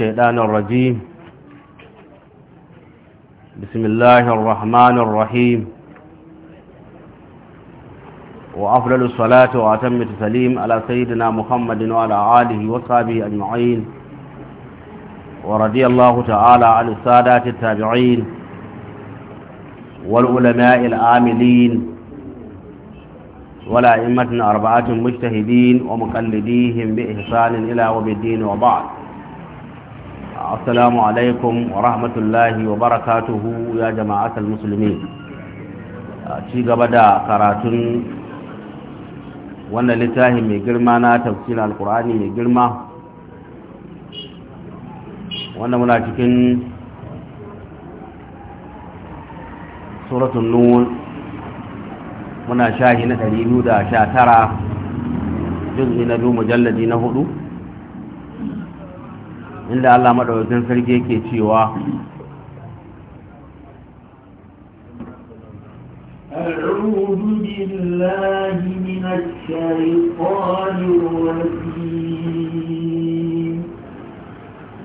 الشيطان الرجيم بسم الله الرحمن الرحيم وأفضل الصلاة وأتم التسليم على سيدنا محمد وعلى آله وصحبه أجمعين ورضي الله تعالى عن السادات التابعين والعلماء العاملين ولا إمتنا أربعة مجتهدين ومقلديهم بإحسان إلى وبالدين وبعد السلام عليكم ورحمة الله وبركاته يا musulmi المسلمين gaba da karatun wannan littafi mai girma na tafsirin alkur'ani mai girma wannan muna cikin suratun nun muna shahi na 219 jinsi na biyu mujalladi na hudu inda Allah madaukakin sarki yake cewa أعوذ بالله من الشيطان الرجيم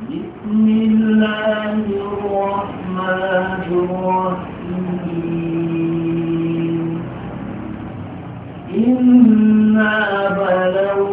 بسم الله الرحمن الرحيم إنا بلونا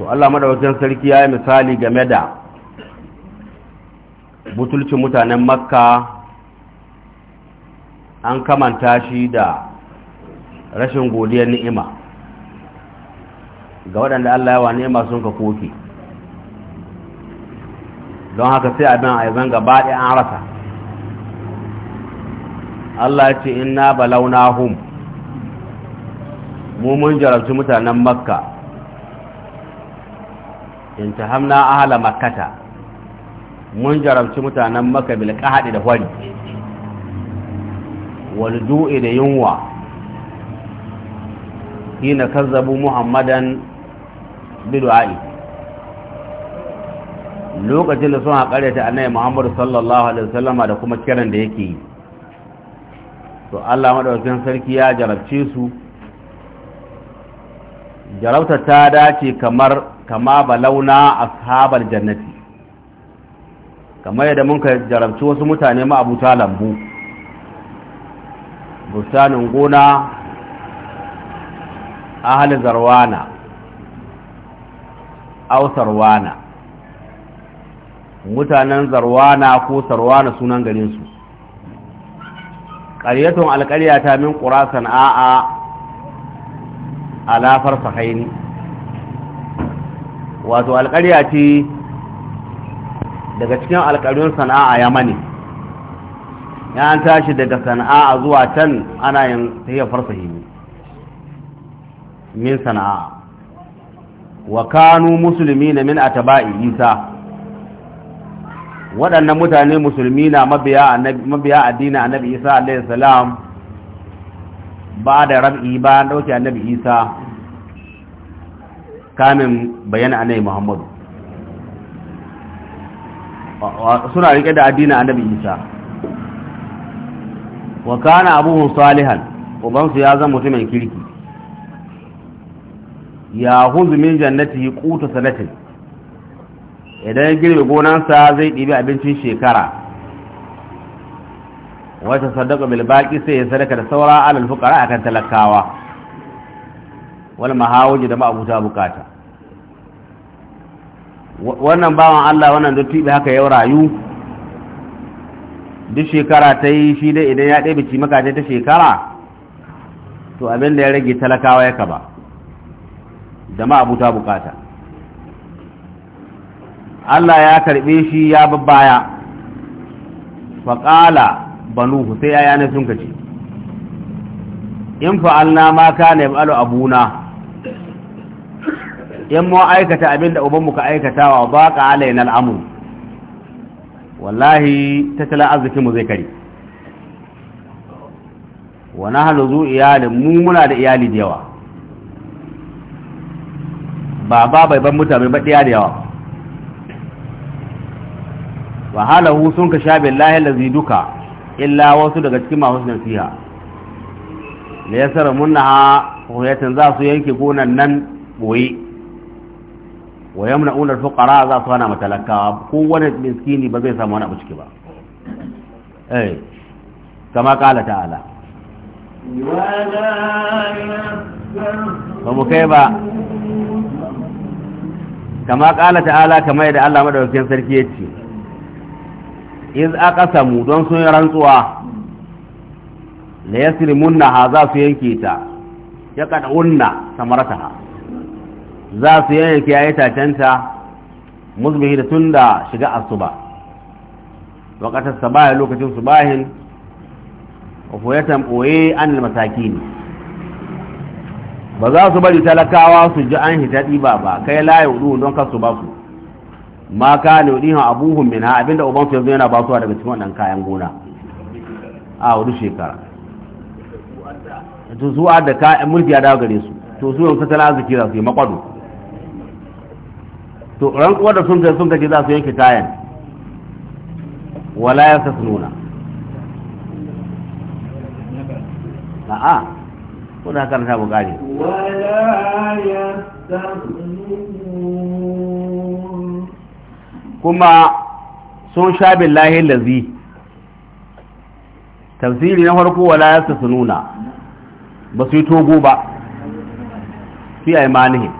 to Allah madawacin sarki ya yi misali game da butulcin mutanen makka an kamanta shi da rashin godiyar ni'ima ga waɗanda Allah yawa ni'ima sun ka koke don haka sai abin a yanzu gaba ɗaya an rasa Allah ya ce ina balaunahum mu mun jarabci mutanen makka in ta hamna ahala makkata mun jarabci mutanen maka bilka kahadi da hori wal da yunwa hina kazzabu muhammadan bi lokacin da sun haƙareta annabi muhammad sallallahu alaihi wasallama da kuma kiran da yake yi to Allah maɗaukin sarki ya jarabce su jarauta ta dace kamar kama balauna ashabar jannati kamar yadda mun ka jarabci wasu mutane ma'abuta lambu bursanin gona ahal zarwana au sarwana mutanen zarwana ko sarwana sunan garinsu ƙaryatun ta min ƙurasan a'a. Alafar farsahaini wato alƙarya ce daga cikin alƙaryun sana'a ya mani ya an tashi daga sana'a zuwa can ana yin tahiyar farsahaini min sana'a wa kanu musulmi na min ataba'i isa waɗannan mutane musulmi na mabiya addini a nabi isa alaihi salam ba da rab'i ba dauke annabi isa kamin bayana annabi muhammadu suna rike da addinin annabi isa wa kana abubuwan salihan ubansu ya zama mutumin kirki ya huzu min jannati kuta sanatin. idan ya girbe gonansa zai ɗibi abincin shekara wata sadaka bil baqi sai ya sadaka da saura alal fuqara akan talakawa wal mahawaji da ma'abuta bukata wannan bawan Allah wannan tibi haka ya rayu duk shekara ta yi shi dai idan ya ɗaya bici maka ta shekara to abin da ya rage talakawa ya kaba da ma'abuta bukata Allah ya karɓe shi ya babbaya faƙala banuhu sai ya ne sun kace in fa'alna ma kana yab'alu abuna in mu aikata abinda uban mu ka aikatawa ba ka alaina al'amur wallahi tattalin arzikin mu zai kare wa nahnu zu mu muna da iyali da yawa baba bai ban mutane ba da yawa wa halahu sun ka sha billahi allazi duka illa wasu daga cikin masu nasiha da ya sara munna ha huyatin za su yanke gonan nan boye wa yamna unar fuqara za su hana matalakawa ko wani miskini ba zai samu wani abu ciki ba eh kama kala ta'ala ba mu kai ba kama kala ta'ala kama yadda Allah madaukakin sarki ya ce iz aqasamu don sun rantsuwa la yasrimunna ha su yanke ta ya kada unna ha. za su yanke yayi tanta musbihi da tunda shiga asuba waqatar sabahi lokacin subahin wa fuyatan boye an ne. ba za su bari talakawa su ji an hita ɗiba ba kai la hudu don kasu ba su ma ha abuhun min ha abinda uban su yanzu yana ba su daga cikin wannan kayan gona a wani shekara to su da kayan mulki ya dawo gare su to su yanzu ta arziki za su yi makwado to ran kuwa da sun kai sun kace za su yanke kayan wala ya nuna a'a ko da ta bukari wala ya nuna. kuma sun sha billahi lazi tafsiri na farko wala yasta nuna ba su yi togo ba fi aimanihim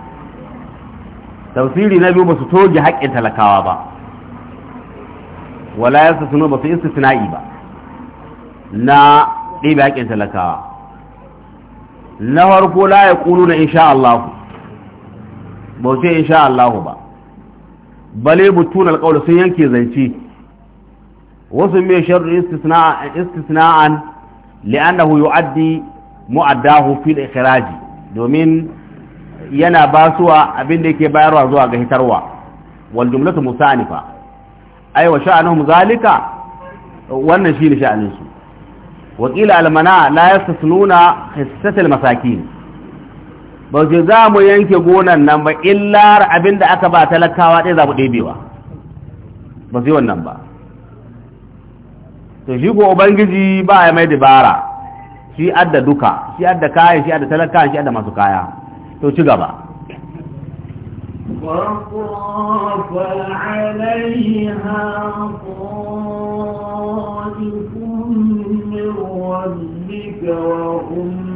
tafsiri na biyu ba su toge haƙƙin talakawa ba wala yasta nuna ba su istisna'i ba na ɗebe haƙƙin talakawa na farko la ya ƙulu na insha Allah ba su yi insha Allah ba bale butun alƙawar sun yanke zance wasu mai sharri istisna'an li'annahu yu'addi mu'addahu fil ikhraji domin yana basuwa abin da yake bayarwa zuwa ga hitarwa wal jumlatu musanifa ay wa sha'anuhum zalika wannan shine sha'anin su wa qila al mana la yastasnuna hissatul masakin ba ce za mu yanke gonan nan ba illa abin da aka ba talakawa ɗaya za mu ɗebewa ba su yi wannan ba to shi ko ubangiji ba ya mai dabara shi adda duka shi adda kaya shi adda talakawa shi adda masu kaya to ci gaba وطاف عَلَيْهَا طائف من ربك وهم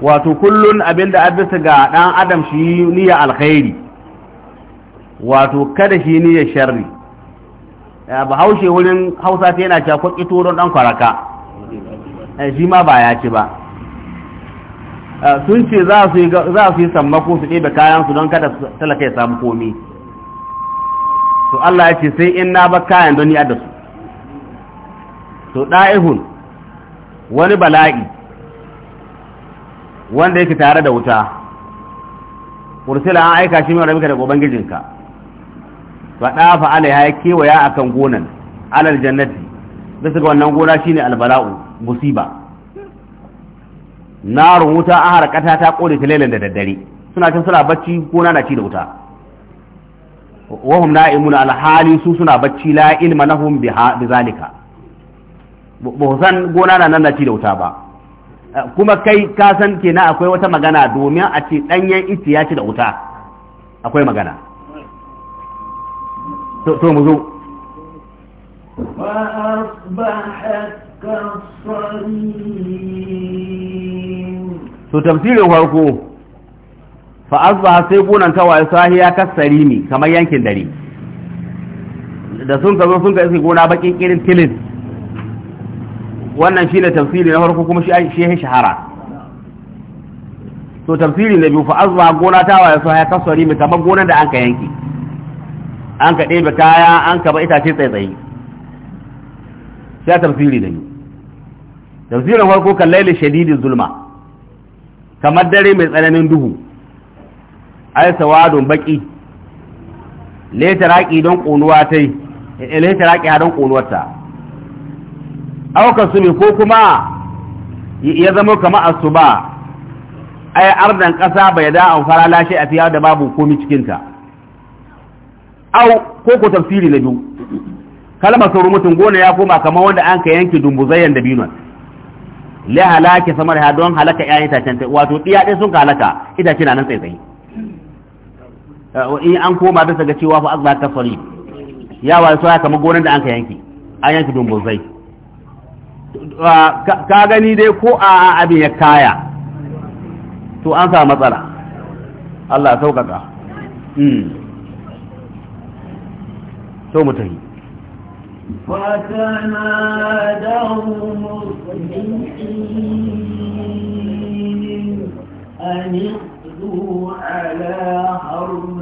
wato kullun abin da abisa ga ɗan adam shi niyya alkhairi wato kada shi niyya sharri ba haushe wurin hausa ta yana cakon ito don ɗan kwaraka eh, shi ma ba ya ci ba eh, sun ce za su yi sammako su ɗebe kayansu don kada talaka ya samu komi to Allah ya ce sai in na ba kayan don ya da su to ɗa'ihun wani bala'i wanda yake tare da wuta ursila an aika shi mai da goban gijinka fa dafa alaiha ya kewaya a kan gonan alal jannati su ga wannan gona shine albala'u musiba narun wuta an harkata ta kore ta lailan da daddare suna cin suna bacci gona na ci da wuta wahum imuna alhali su suna bacci la ilma lahum bi zalika ba san gona na nan na ci da wuta ba kuma kai ka san kenan akwai wata magana domin a ce danyen ita ya ci da wuta akwai magana to mu zo to tafsirin farko fa sai gonan ta waye sahiya kasari ne kamar yankin dare da sun ka zo sun ka iske gona bakin irin tilis wannan shi ne tafsiri na farko kuma shi ya shahara to tafsiri na biyu fa ba gona ta waye su haya kasuwari mai kamar gonar da an ka yanki an ka ɗebe kaya an ka ba itace tsaitsayi sai tafsiri na biyu tafsirin farko kan laili shadidi zulma kamar dare mai tsananin duhu ai sawadun baki raki don ƙonuwa ta yi raki don ta auka su ko kuma ya zama kama asuba ai ardan kasa bai da an fara lashe a fiya da babu komi cikin ta au ko ko tafsiri na biyu kalmar sauru mutum gona ya koma kamar wanda an ka yanke dumbuzayen da binon la halaka samar ha don halaka yayin tacen wato diya dai sun ka halaka ita kina nan tsaye eh, in an koma bisa ga cewa fa azza fari ya wa ya kamar gonan da an ka yanke an yanke dumbuzai Ah, ka gani dai ko a abin ya kaya to an sa matsala Allah sauƙaƙa so hmm. mu tafi فتنادوا مصبحين أن على حرب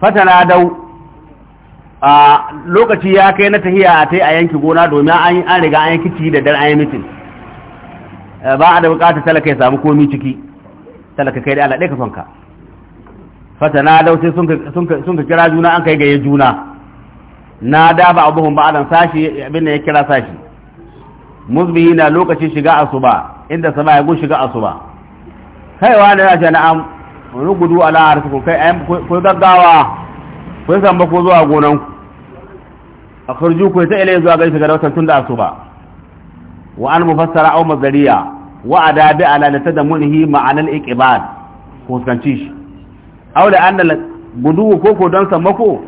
fatana dau a lokaci ya kai na tahiya a tai a yanki gona domin an an riga an yanki ciki da dan an yi mitin ba a da bukata talaka ya samu komi ciki talaka kai da Allah dai ka sonka fatana dau sai sun ka sun kira juna an kai gaye juna na da ba abuhun ba adan sashi abin da ya kira sashi musbihi na lokacin shiga asuba inda sama ya gun shiga asuba kaiwa da ya na na'am wani gudu ala harfikun kai a ku gaggawa ku yi samba ko zuwa gonan ku a kurju ku ta ilai zuwa gaisa ga dautan tun da asuba wa an mufassara au mazariya wa adabi ala lata da munhi ma'anar iqbal ko fuskanci shi au da an gudu ko ko don sammako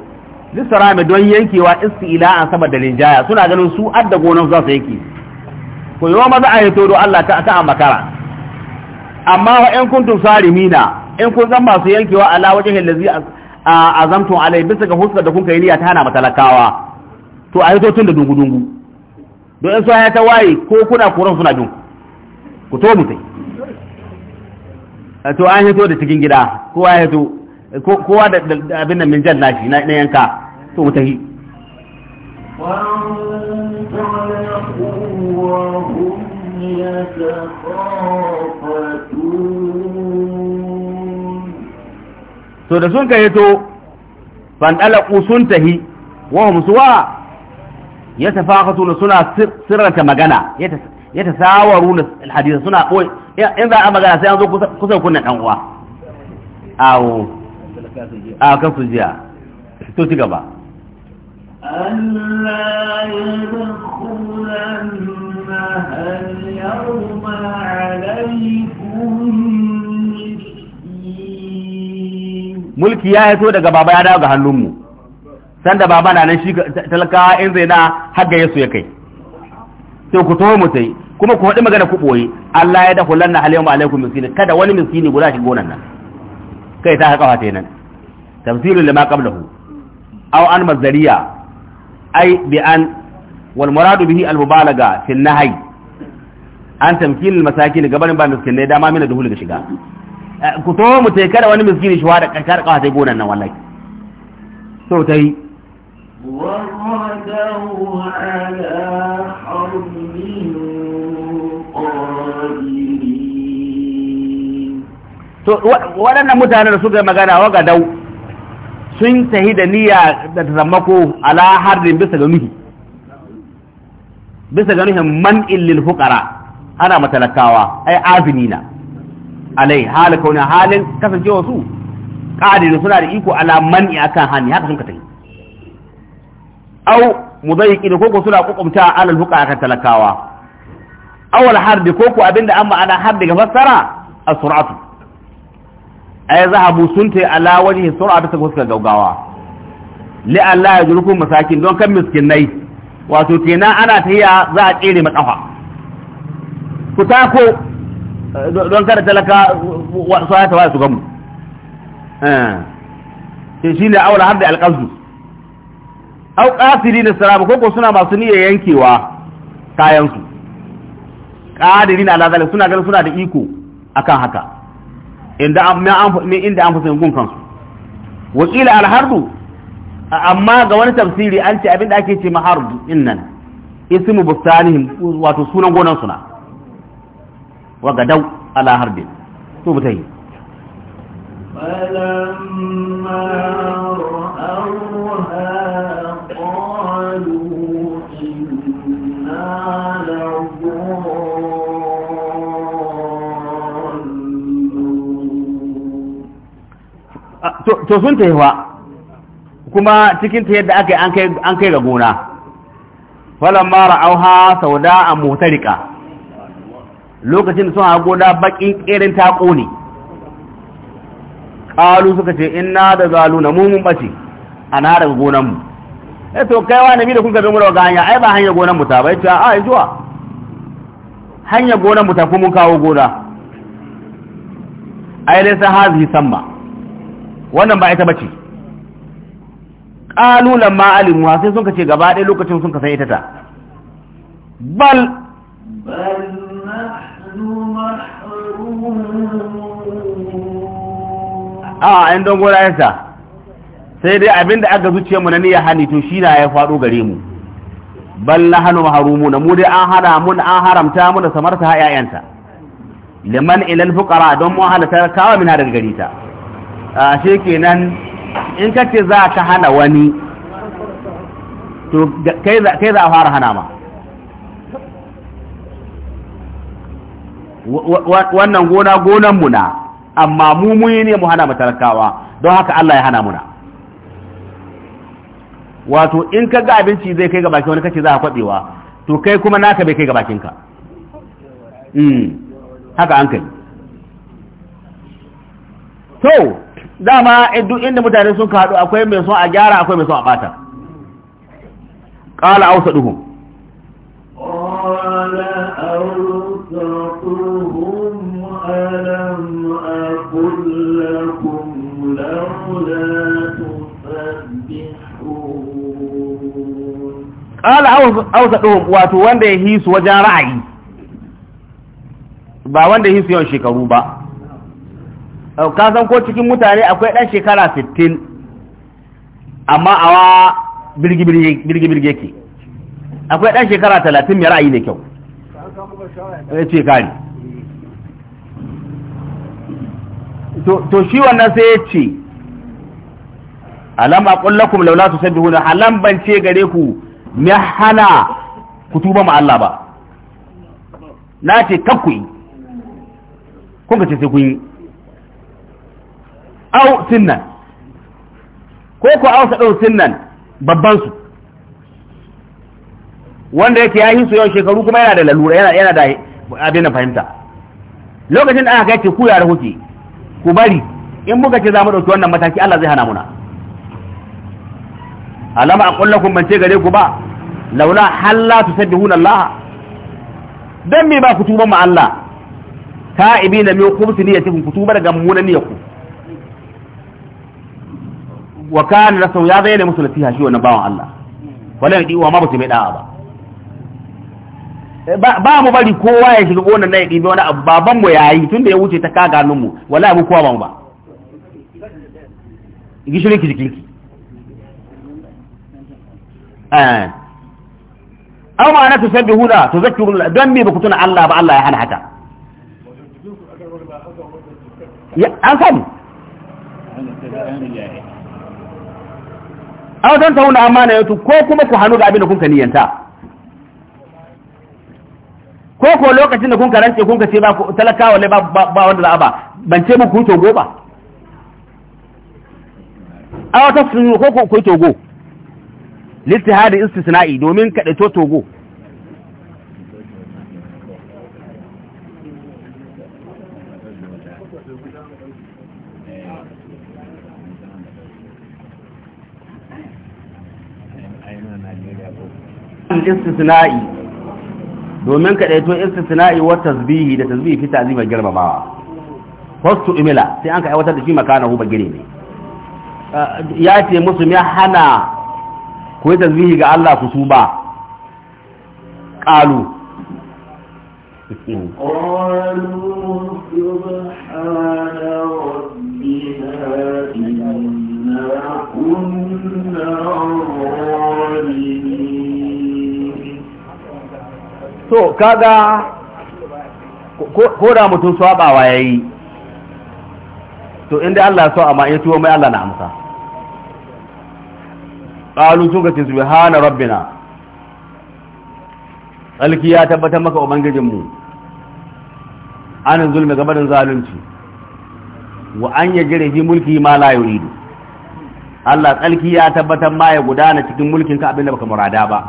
lissara mai don yankewa ila an sama da linjaya suna ganin su adda gonan za su yake ko yawa maza a yi don Allah ta a makara amma wa in kuntum salimina in kun zan masu yankewa ala wajen hillazi a azamtun alai bisa ga huskar da kuka yi niyya ta hana matalakawa to a hito tun da dungu-dungu don in sun ta waye ko kuna kuran suna jin ku to mutai to an hito da cikin gida kowa ya hito kowa da abin nan min jan nashi na yanka to mutai وأنتم يقوهم يتخافتون so da sun ka hito fandalaku sun tahi wahum suwa ya tafakatu suna sirranta magana ya sawaru na hadisa suna koyi in za a magana sai an zo kusa kunna dan uwa awo a kan su jiya to ci gaba kuna nuna اليوم عليكم mulki ya yaso daga baba ya dawo ga hannunmu sanda baba na nan shi talakawa in zai na haga yasu ya kai sai ku taho mu sai kuma ku haɗi magana ku ɓoye Allah ya dafa lanna halayyamu alaikum miskini kada wani miskini guda shi gonan nan kai ta ta yi nan tafsirin lima qablahu aw an mazariya ai bi an wal muradu bihi al mubalaga fi an nahy an tamkin al masakin gaban ba ne dama mina duhul ga shiga ku to mu tai kada wani miskini shi wada kankar kawa tai gonan nan wallahi so ta yi So waɗannan mutane da suka magana waga dau sun tahi da niyya da tazammako ala harbin bisa ga nuhi bisa ga nuhin man illil fukara, ana matalakawa ai azumi na. alai hali kauna halin kasancewa su da suna da iko ala mani akan hani haka sun ka tafi au mudayyiki ko koko suna kokumta alal fuka akan talakawa awal harbi koko abinda an ma'ana harbi ga fassara a suratu ay zahabu sunta ala wajhi sur'atu ta fuskar gaugawa li Allah ya jurku masakin don kan miskinai wato kenan ana ta za a tsere makafa ku ko don kada talaka su ya waya su gamu eh. sai shi ne aula har da alƙazu au ƙasiri na sarama koko suna masu niyyar yankewa kayansu ƙadiri na lazalin suna ganin suna da iko a kan haka inda an fusa gun kansu wakila alhardu amma ga wani tafsiri an ce abin da ake ce mahardu innan isimu bustanihim wato sunan gonan suna wa gadau ala harbi to mu tayi فلما رأوها قالوا إنا to sun ta wa kuma cikin ta yadda aka yi an kai ga gona auha sau da a mutarika lokacin da sun hago da bakin ƙerin ta ƙone ƙalu suka ce ina da zalu na mun bace a na daga gonanmu ya eh, to kai wa nabi da kun gabe mu daga hanya ai ba hanyar gonanmu ta ba ya ce a zuwa hanyar gonanmu ta kuma kawo gona ai dai san hazi ba wannan ba ita bace ƙalu lamma alimu sai sun ka ce gaba ɗaya lokacin sun ka san ita ta bal bal a yan don sai dai abinda aka zuciya mu na niyya hani to shi na ya faɗo gare mu bal nahnu mahrumun mu dai an hada mun an haramta mu da samarta ayayanta liman ilal fukara don mu ta kawo min daga gari ta a kenan in kace za ka hana wani to kai za a fara hana ma wannan gona gonan mu na amma mu muyi ne mu hana talakawa don haka Allah ya hana muna wato in ka ga abinci zai kai ga baki wani kace za a kwabewa to kai kuma naka bai kai ga bakinka mm haka an kai to dama duk inda mutane sun kaɗu akwai mai son a gyara akwai mai son a bata qala duhun. qala awsaduhum wato wanda ya hisu wajen ra'ayi ba wanda ya hisu yawan shekaru ba ka san ko cikin mutane akwai dan shekara 60 amma awa birgi birgi birgi yake akwai dan shekara 30 mai ra'ayi ne kyau ya ce kari to shi wannan sai ya ce alam a lakum laula tusabbihuna alam ban ce gare ku ya hana ku tuba ma Allah ba na ce kakku yi kun ka ce sai kun yi au sinnan ko ku au sa ɗau sinnan babban su wanda yake ya yi su yawan shekaru kuma yana da lalura yana yana da abin da fahimta lokacin da aka kai ce ku yara kuke ku bari in muka ce za mu dauki wannan mataki Allah zai hana muna alama a kullakun ban ce gare ku ba laula halla tusabbihuna Allah dan me ba ku tuba ma Allah ta'ibina min khubthi niyatikum ku tuba daga mummunan ku wa kana rasul ya zayyana musu nasiha shi wannan bawan Allah wala yadi wa ma ba su mai da'a eh, ba ba mu bari kowa ya shiga wannan nan ya wani abu baban mu yayi tunda ya wuce ta kaga nun mu wala mu kowa ba mu ba gishirin kiji kiji eh aw ma na tusabbihuna tuzakkiru dan me baku tuna Allah ba Allah ya hana haka ya an sani aw dan tauna amana yato ko kuma ku hanu ga abin da kun ka niyanta ko ko lokacin da kun ka rance kun ce ba ku talakawa ne ba ba wanda za ba ban ce muku ku togo ba aw ta sunu ko ku togo littihadi istisna'i domin kaɗaito togo istisna'i domin kaɗaito istisna'i wa tasbihi da tasbihi fi ta'zima girmamawa wasu imila sai an ka aiwatar da shi makana hu bagire ne ya ce musu ya hana ku yi tasbihi ga Allah ku su ba ƙalu so kaga ko da mutum ya yayi to inda Allah ya so amma in tuwo mai Allah na amsa qalu suka ce subhana rabbina alki ya tabbatar maka ubangijin mu an zulmi gabarin zalunci wa an yajri fi mulki ma la yuridu Allah tsalki ya tabbatar ma ya gudana cikin mulkin ka abinda baka murada ba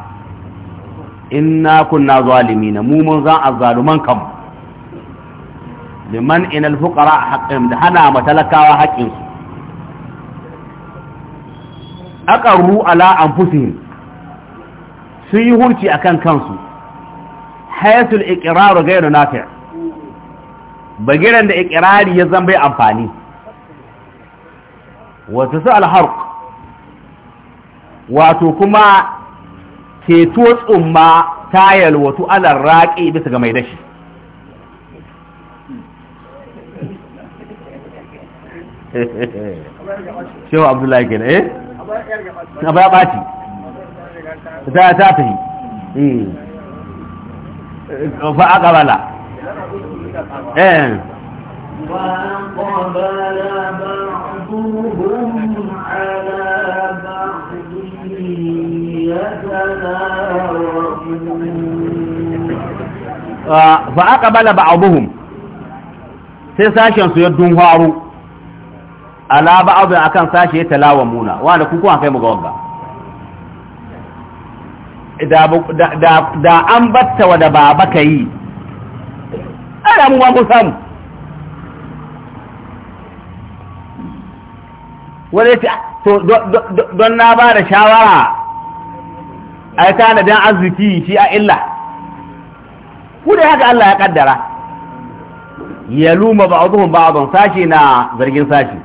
inna kunna zalimina mu mun zan azzaluman kam liman inal fuqara haqqin da hana matalakawa haƙƙinsu aqarru ala anfusihim sun yi hurci akan kansu hayatul iqraru ghayru nafi' bagiran da iqrari ya zama bai amfani wato su alharq wato kuma ceto tsumma ta yalwatu alar raqi bisa ga mai dashi shehu abdullahi kenan eh a ba ɓaci ta ta fi eh. fa a ƙabala وقبل بعضهم على بعض يتناوبون sai sashen su ya dunharo ala ba'd akan sashi muna wanda kun kuma kai muga ga wanga da da an batta wa da baka yi? ana mu ba mu samu ya ce to don na ba da shawara tana don arziki shi a illa ku da haka Allah ya kaddara ya luma a don sashi na zargin sashi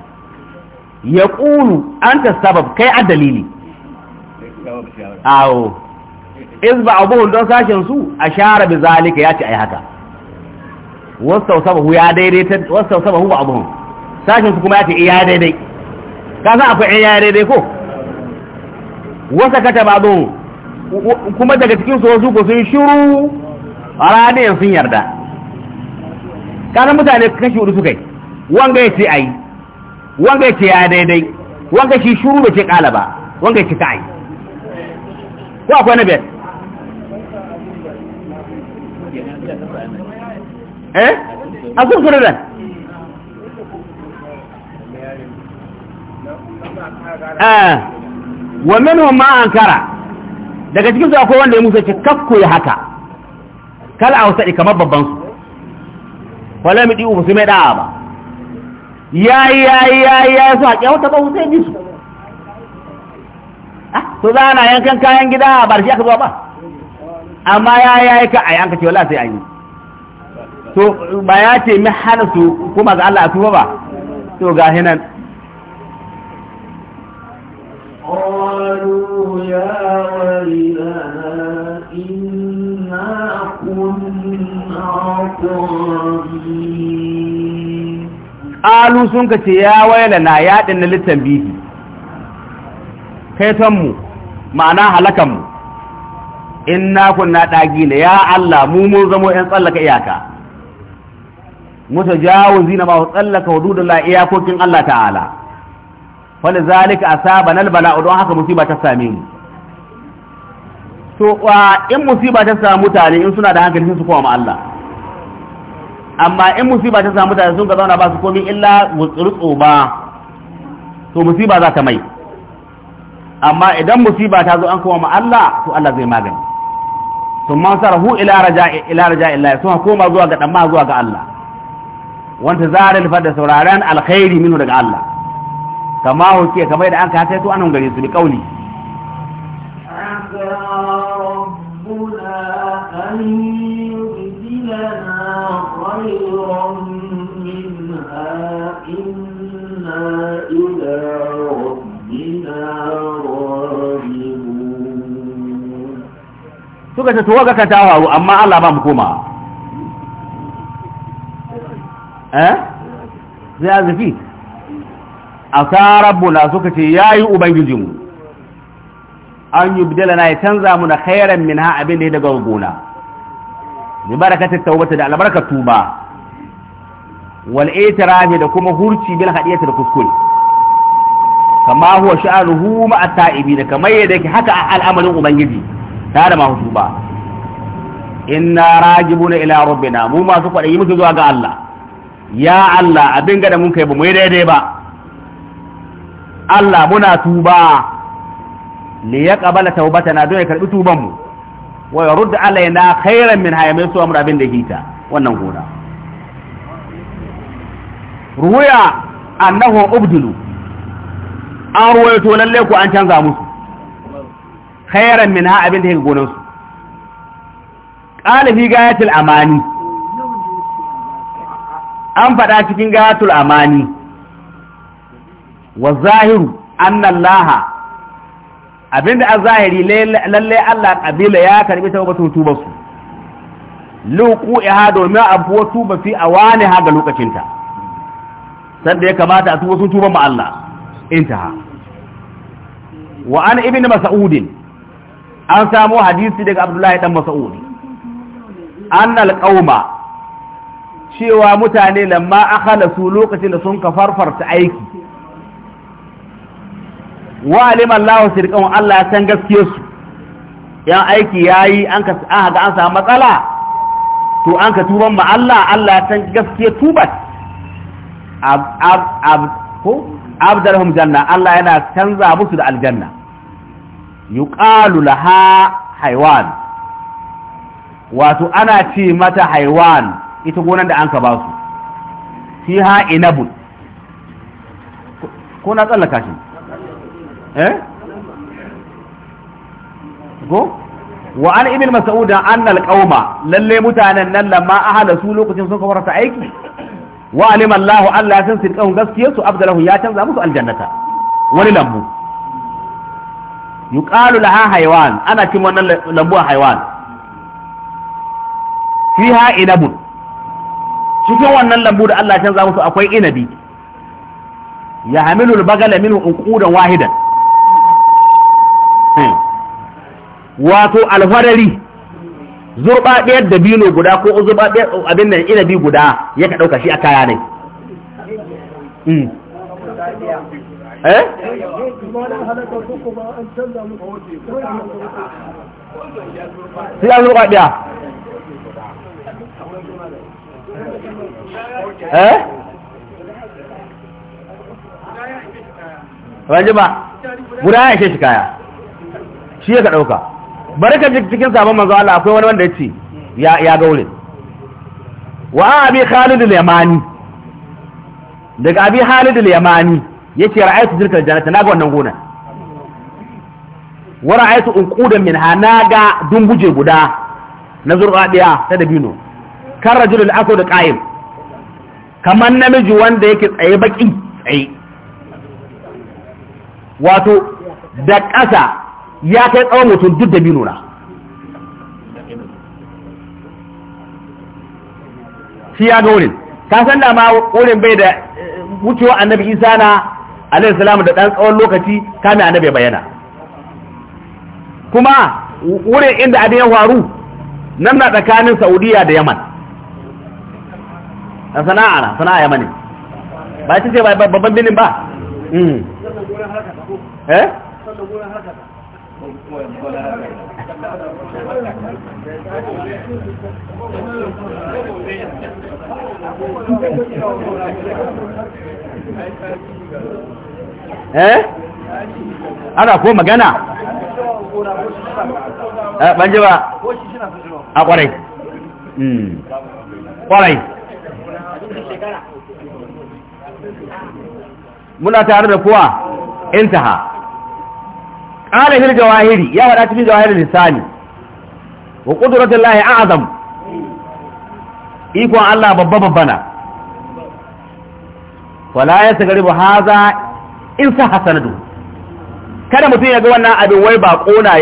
ya ƙulu an ta sabab kai a dalili awo iz ba abuhun don sashen su a share bi zalika ya ce ai haka wasu sabahu ya daidaita wasu sabahu ba abuhun sashen su kuma ya ce iya eh, daidai ka akwai iya eh, daidai ko wasu kata ba don kuma daga cikin su wasu ko sun shiru a ranar sun yarda kanan mutane kashi hudu suka yi wanga ya ce ai wanga ya ce ya daidai wanga shi shuru da ce kala ba wanga ya ce kai ko akwai na biyar eh a sun kuri ran eh. wa minhum ma ankara daga cikin su akwai wanda ya musa ce kakku ya haka kal a kamar babban su wala mi di ubu su mai da'a ba ya yi ya yi ya yi ya yi su a kyauta ba sai ji su to za na yankan kayan gida a da shi aka zuwa ba amma ya ya yi ka a yanka ce wala sai an yi to ba ya ce mi hana su kuma ga Allah a tuba ba to ga hinan قالوا يا ويلنا إنا كنا طاغين alu sun ka ce ya waila na yaɗin na littan bihi mu ma'ana halakan mu inna kunna dagina ya Allah mu mun zamo ‘yan tsallaka iyaka mutu zina ma tsallaka hududun la iyakokin Allah ta'ala wani zalika a saba nan bala'u don haka musiba ta same mu to in musiba ta samu mutane in suna da hankali sun su ma Allah amma in musiba ta samu da sun ka zauna ba su komi illa rutsu ba to musiba za ta mai amma idan musiba ta zo an kuma ma Allah to Allah zai magani to man sarahu ila raja ila raja illa sun koma zuwa ga damma zuwa ga Allah wanda zarar fada sauraron alkhairi minu daga Allah kama hoke kamar da an ka sai to anan gare su bi kauli suka ce to waga ta faru amma Allah ba mu koma eh sai suka ce yayi ubangijin, an yubdala na ya canza muna khairan min ha abin da ya daga gona bi ta tawbata da albarkar tuba wal itirafi da kuma hurci bil hadiyati da kuskure kama huwa sha'anuhu ma at-ta'ibi da kamar yadda yake haka al'amarin ubangiji tare ma hutu ba inna rajibuna ila rabbina mu masu kwadai muke zuwa ga Allah ya Allah abin ga da mun kai ba mu yi daidai ba Allah muna tuba li yaqbala taubatana don ya karbi tuban mu wa yurd alaina khairan min hayamin su amra abin da hita wannan gona ruya annahu ubdilu an ruwaito lalle ku an canza musu khairan min ha abin da yake gonan su qala fi gayatul amani an faɗa cikin gayatul amani wa zahiru anna Allah abinda da zahiri lalle Allah kabila ya karbi tawbatu tuba su luku iha domin abuwa tuba fi awani ha ga lokacinta sanda ya kamata a tuba sun tuba ma Allah intaha wa an ibn mas'udin an samu hadisi daga abdullahi dan mas'udi annal qauma cewa mutane lamma akhalasu lokacin da sun ka farfarta aiki wa alima Allahu sirqan Allah ya san gaskiyar su yan aiki yayi an ka an ga an samu matsala to an ka tuban ma Allah Allah ya san gaskiyar tuba ab ab ab ko abdarhum janna Allah yana canza musu da aljanna yuqalu laha haywan wato ana ce mata haywan ita gonan da an ka ba su fiha inabun ko na tsallaka shi eh go wa an ibn mas'ud an qauma lalle mutanen nan lamma ahala su lokacin sun kawar ta aiki wa alima Allah Allah sun san sirqahum su abdalahu ya canza musu aljannata wani lambu yuqalu laha haywan ana cin wannan lambu a haywan fiha inabun cikin wannan lambu da Allah canza musu akwai inabi ya hamilu bagala minhu uqudan wahidan hmm. wato alfarari zurba ɗayar bino guda ko zurba ɗayar abin nan inabi guda ya ka ɗauka shi a kaya ne hmm. eh sai an roƙa ɗaya eh wajen ba guda ya ishe shi kaya shi ya ka ɗauka bari cikin sabon manzo Allah akwai wani wanda ya ce ya gaulin wa abi khalid al-yamani daga abi khalid al-yamani yace ra'aytu tilkal jannata naga wannan gonar wa ra'aytu unqudan minha naga dumbuje guda na zurra daya ta dabino kan rajulul asad qa'im kaman namiji wanda yake tsaye baki tsaye wato da ƙasa ya kai tsawon mutum duk dabino na shi ya ga wurin ta san da ma wurin bai da wucewa annabi isa na alaihi salam da dan tsawon lokaci kana annabi bayana kuma wurin inda abin ya faru nan na tsakanin saudiya da yaman a sana'a na sana'a yaman ne ba ce ba babban binin ba hmm. eh eh ana ko magana eh banje ba a kwarai mm kwarai muna tare da kuwa intaha qala hil jawahiri ya wada cikin jawahir lisani wa qudratullahi a'zam iko Allah babba babbana wala ya sagari haza in sa hasanadu kada mutum ya ga wannan abin wai ba kona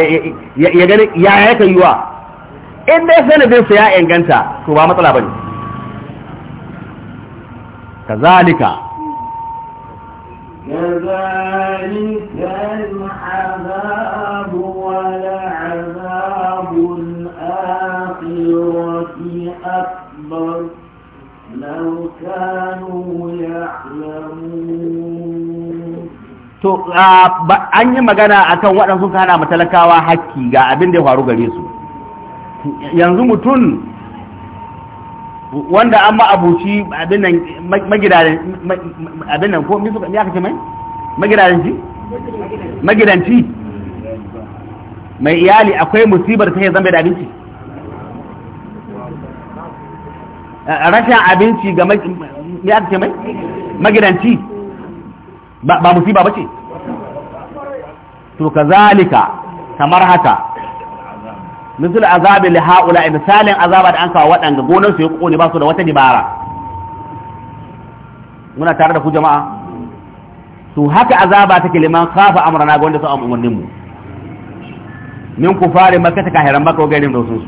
ya gani ya yake yiwa in dai sanadin sa ya inganta to ba matsala bane kazalika كذلك العذاب ولعذاب الآخرة أكبر لو كانوا to an yi magana a kan waɗansu kana matalakawa hakki ga abin da ya faru gare su yanzu mutum wanda an ma'abuci abin nan abin nan ko me mai magidanci magidanci mai iyali akwai musibar ta yi zama da abinci rashin abinci ga mai magidanci ba musiba ba ce to ka zalika kamar haka misul azabi li haula misalin azaba da an kawo waɗanda gonar su ya kone ba su da wata dibara muna tare da ku jama'a to haka azaba take liman khafa amrana ga wanda su umarnin mu min kufari makka ta kahiran makka ga gairin da su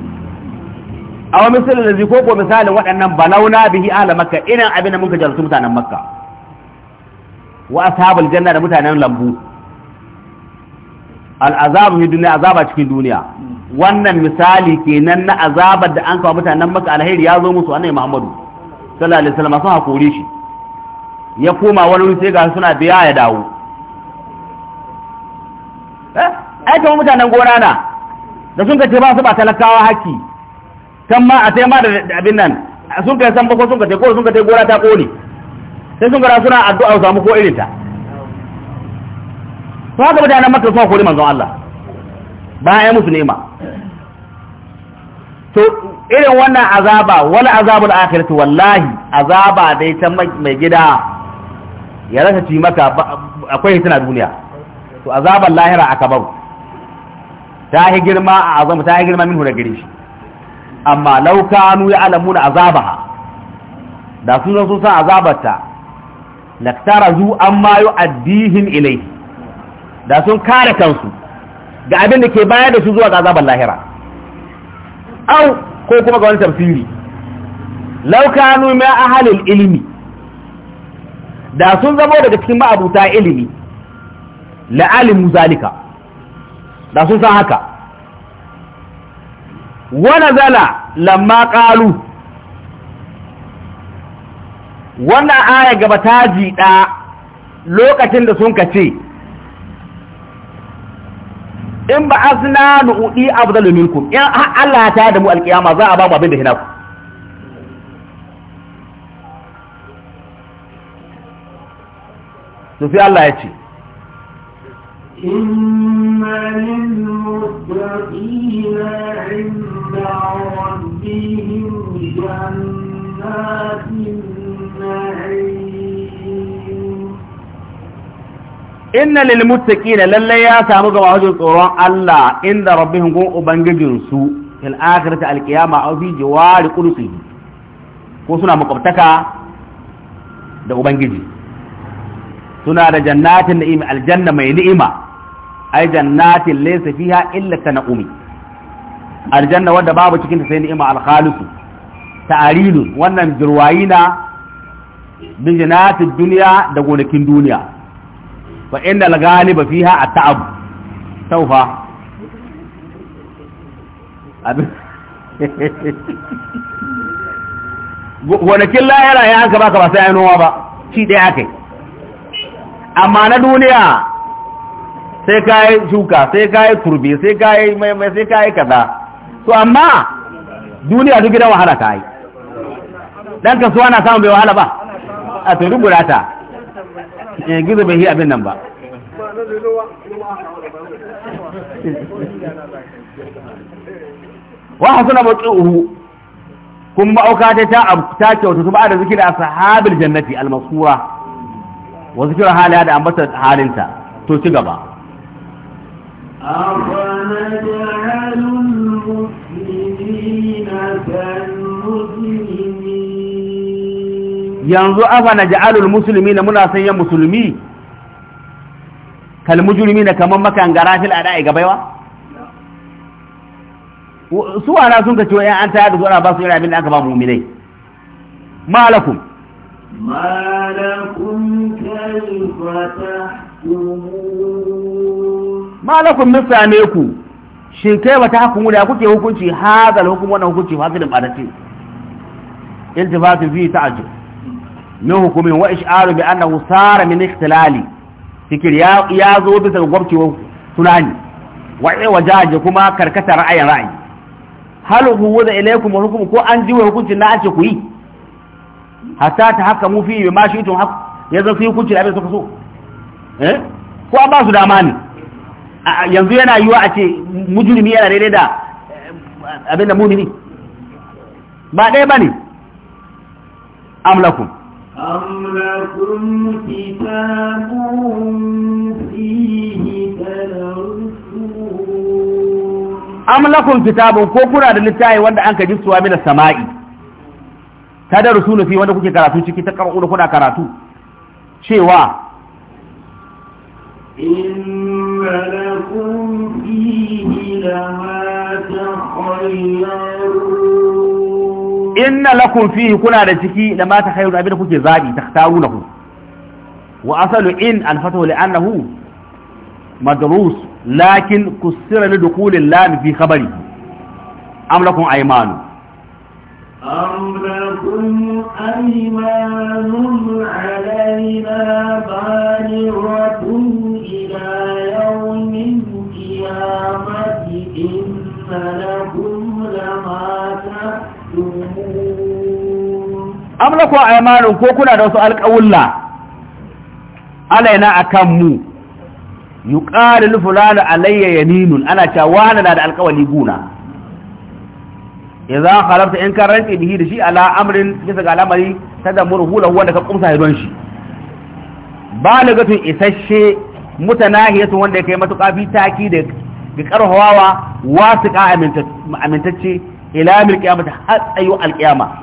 aw misal da ko ko misalin waɗannan balauna bihi ala makka irin abin da muka jarsu mutanen makka wa ashabul janna da mutanen lambu al azab fi dunya azaba cikin duniya wannan misali kenan na azabar da an kawo mutanen makka alheri ya zo musu annabi muhammadu sallallahu alaihi wasallam sun hakuri shi ya koma wani wuri sai ga suna biya ya dawo eh ai mutanen gona na da sun ka ce ba su ba talakawa haƙƙi kan ma a sai ma da abin nan sun kai san bako sun ka ko sun ka tai gora ta kone sai sun gara suna addu'a samu ko irin ta to haka mutanen makka sun kori manzon Allah ya musu nema to irin wannan azaba wala azabul akhirah wallahi azaba dai ta mai gida ya rasa ci maka akwai hitina duniya to azaban lahira aka bau ta yi girma a azamu ta yi girma min hura gare shi amma lauka anu ya alamuna azabaha da sun zo sun san azabarta laktara zu amma addihin ilai da sun kare kansu ga abin da ke bayar da su zuwa ga azabar lahira au ko kuma ga wani tafsiri lauka anu ma ilimi, ilmi da sun zamo daga cikin ma'abuta ilimi la'alimu zalika da sun san haka wana zala lamma ƙalu wannan aya gaba ta jiɗa lokacin da sun kace in ba asna uɗi afdalu minkum in Allah ta da mu alkiyama za a ba mu abin da hina to Allah ya ce inna lil muttaqina lalla ya samu ga wajin tsoron Allah inda rabbihum gun ubangijin su fil akhirati qiyama aw fi jawari qudsihi ko suna makwabtaka da ubangiji suna da jannatin na'im aljanna mai ni'ima ai jannatin laysa fiha illa tanqumi aljanna wadda babu cikin ta sai ni'ima al-khalisu ta'arilun wannan jirwayina bin janatid dunya da gonakin duniya wa innal ghaliba fiha at-ta'ab tawfa gonakin lahira ya haka baka ba sai ya noma ba shi ɗaya kai amma na duniya sai ka yi shuka sai ka yi turbe sai ka yi maimai sai ka yi kaza to amma duniya duk gidan wahala ka yi dan kasuwa na samun bai wahala ba a to rubura ta eh gizo bai yi abin nan ba wa hasuna mutuhu kun ma'auka ta ta ta kyautu ba da zikira ashabil jannati al-masura wa zikira halaya da ambatar halinta to ci gaba yanzu afa na ja'alul musulmi na muna sanya musulmi kalmujulmi na kamar makan garafil a da'i gabai wa? su wa na sun ka ciwo an tayar da zuwa ba su yi rabin da aka ba mu minai malakum malakum kalfata malakun min same ku shi kai wata hukumu da kuke hukunci hazal hukum wannan hukunci fasilin badace iltifatu fi ta'ajjub min hukumin wa ish'aru bi annahu sara min ikhtilali fikir ya ya zo bisa gwabcewa tunani wa ai jaje kuma karkata ra'ayin ra'ayi hal huwa da ilaykum hukum ko an ji hukuncin na ace ku yi hatta ta haka mu fi ma shi tun haka yazo fi hukuncin abin suka so eh ko an ba su dama ne yanzu yana yiwa a ce mujrimi yana daidai da eh, abin da mumini ba ɗaya ba ne amlakum amlakum kitabun kitabun ko kuna da littafi wanda an ka jistuwa mina sama'i ta da rusulu fi wanda kuke karatu ciki ta karɓar da kuna karatu cewa فيه لما تخيرون إن لكم فيه كنا رجكي لما تخيرون أبدا كنت زادي تختارونه وأصل إن أنفته لأنه مدروس لكن كسر لدخول اللام في خبره أم لكم أيمان أم لكم أيمان علي amlaku aymanun ko kuna da wasu alƙawulla alaina akan mu yuqalu fulanu alayya yaminun ana cewa wani na da alƙawali guna idza khalafta in kan rantsi bihi da shi ala amrin bisa ga al'amari tadammuruhu lahu wanda ka kumsa hidon shi balagatu isasshe mutanahiyatu wanda ya kai matuƙa fi taki da ga karhawawa wasu ka amintacce ila mil qiyamata har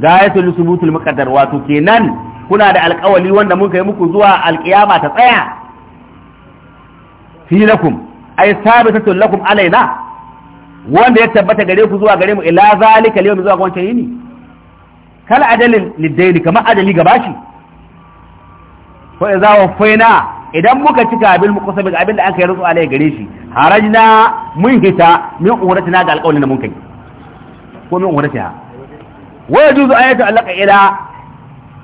gayatu subutul muqaddar wato kenan kuna da alƙawali wanda mun kai muku zuwa alƙiyama ta tsaya fi lakum ay sabitatun lakum alaina wanda ya tabbata gare ku zuwa gare mu ila zalika yawm zuwa ga wancan yini kal adalin lidaini kamar adali ga bashi fa idza wafaina idan muka cika bil muqasabi ga abin da an rusu alai gare shi harajna mun hita min uratina ga alƙawalin da mun kai ko min umratina wa yajuzu an yata'allaqa ila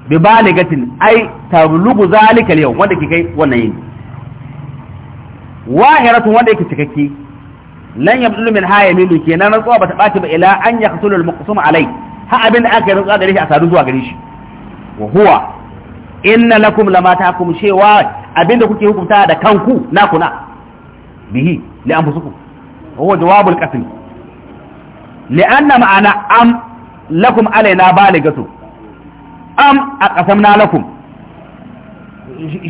bi baligatin ai tablugu zalika al wanda ke kai wannan yini wahiratun wanda yake cikakke lan yabdulu min haya milu kenan rantsuwa bata baci ba ila an yahsulu al muqsum alai ha abin aka rantsuwa gare shi a sadu zuwa gare shi wa huwa inna lakum lama tahkum shewa abinda kuke hukunta da kanku na kuna bihi ma'ana am lakum alaina baligatu am a ƙasamna lakum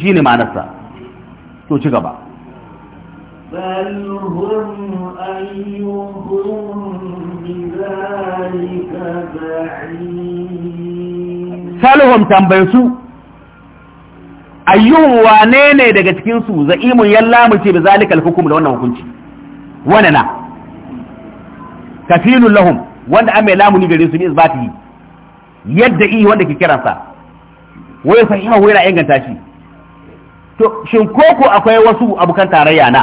shi ne manarsa to ci gaba salhum tambayi su ayyuhu wane ne daga cikinsu za'imun mu ce bi zalikal hukum da wannan hukunci wane na kafilun lahum wanda an mai lamuni gare su ta yi, yadda iya wanda ke kiransa wai sahiha wai inganta shi to shin koko akwai wasu abokan tarayya na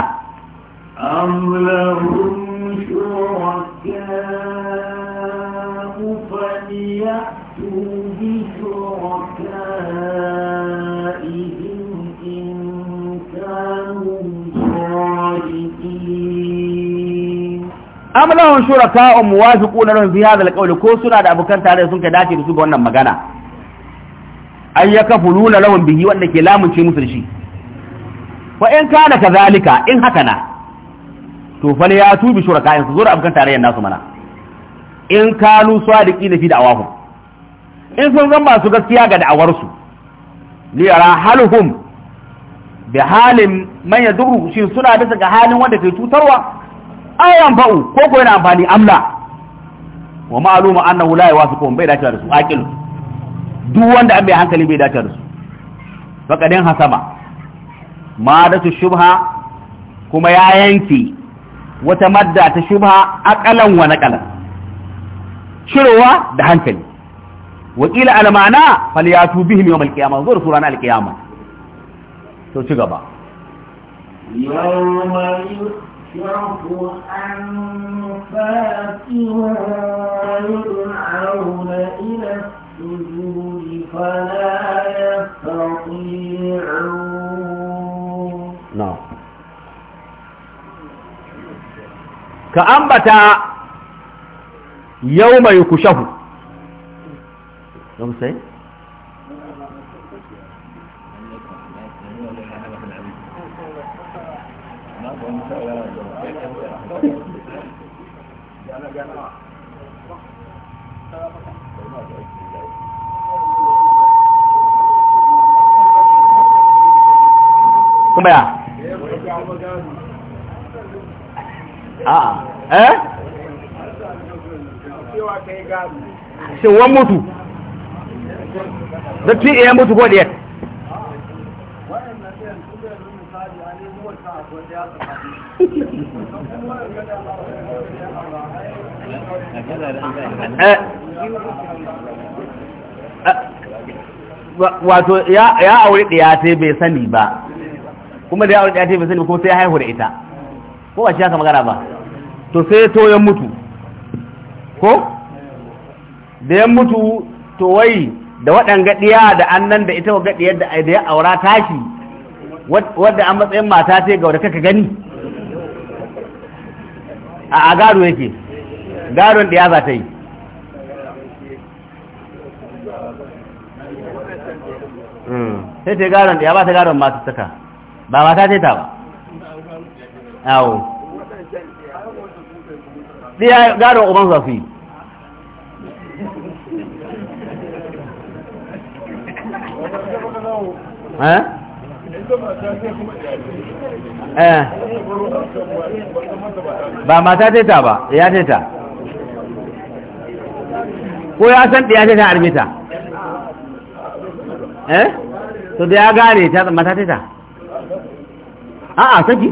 am lahum shuraka'u muwafiquna lahum fi hadha alqawl ko suna da abokan tare sun kai dace da su ga wannan magana ay yakfuluna lahum bihi wanda ke lamunce musu da shi fa in kana kazalika in haka na to fa ya tubi shuraka'in su zura abokan tarayyar nasu mana in kanu sadiqina fi da'awahu in sun zama su gaskiya ga da'awar su li yara haluhum bi halin man yaduru shi suna da ga halin wanda ke cutarwa ayan ba'u ko ko yana amfani amla wa ma'aluma annahu la ko bai dace da su aqil duk wanda an bai hankali bai dace da su faqadin hasama ma da su shubha kuma ya yanke wata madda ta shubha aqalan wa naqalan shirowa da hankali wa qila al ma'na falyatu bihim yawm al qiyamah zuwa suran al qiyamah to ci gaba يصلح عن فاكهة إلى السجود فلا يستطيعون نعم كأنبت يوم يكشف يوم سيد tambaya eh shi wan mutu mutu eh, eh, wato ya aure ɗaya sai bai sani ba kuma da ya ɗaya da ta bai kuma sai ya haihu da ita ko ba shi haka magana ba to sai to ya mutu ko da ya mutu to wai da waɗanga ɗiya da annan da ita ga ɗiyar da ya aura tashi wadda an matsayin mata ce ga wadda kaka gani a gado yake gadon ɗiya za ta yi hmm. sai ta yi gadon ɗiya ba ta gadon masu saka ba ta ce ta ba awo ya gadon uban za su yi eh? Eh. ba ta ce ta ba ya ce ta ko ya san ya ce ta armita eh to da ya gane ta mata ce ta a'a saki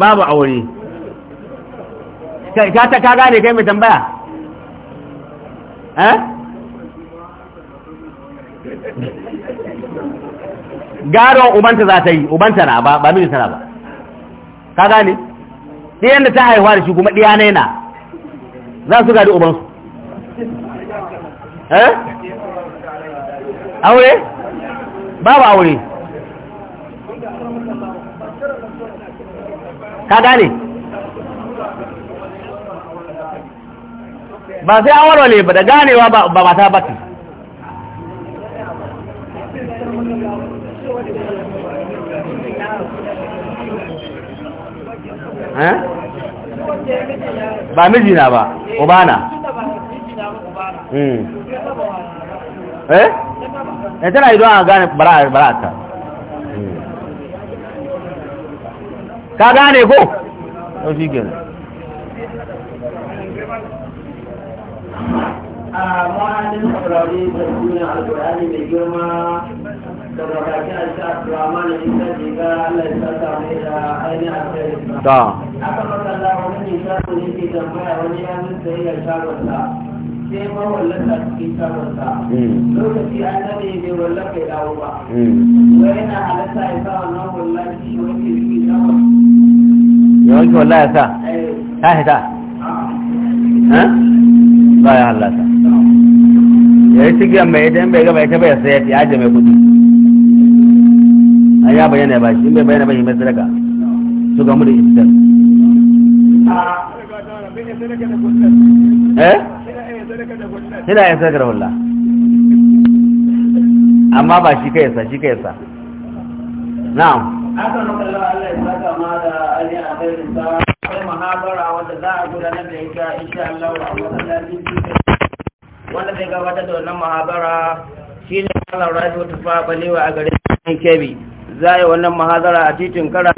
babu aure ka gane kai mai tambaya eh ubanta za ta yi ubanta na ba ba na ba ka gane ɗiyan da ta haihuwa da shi kuma ɗiya na yana za su gadi ubansu eh aure babu aure ka gane ba sai an warware ba da ganewa ba mata ba ce eh ba na ba ubana hmm. eh eh tana yi don a gane barata hmm. ka gane ko yau shi gane a mai shago wani ya mun sayar sai ma cikin hmm. lokaci an bai ya dawo ba hmm. wai yana halatta ya sa wannan wani cikin ya wanke ya sa ta eh. hita ah. ba ya halatta ya yi cikin mai bai gaba ita bai sayar ya ajiye mai kudi a ya bayyana ba shi bai bayyana ba shi mai sadaka su gamu da istar eh yana yin sadaka da hulla amma ba shi kai yasa shi kai yasa na'am aka nuna Allah Allah ya saka ma da ali a kai sa kai muhabara wadda za a gudanar da ita insha Allah a wannan wanda zai gabatar da wannan shi shine Allah Rabiu Tufa Baliwa a garin Kebbi yi wannan muhadara a titin kara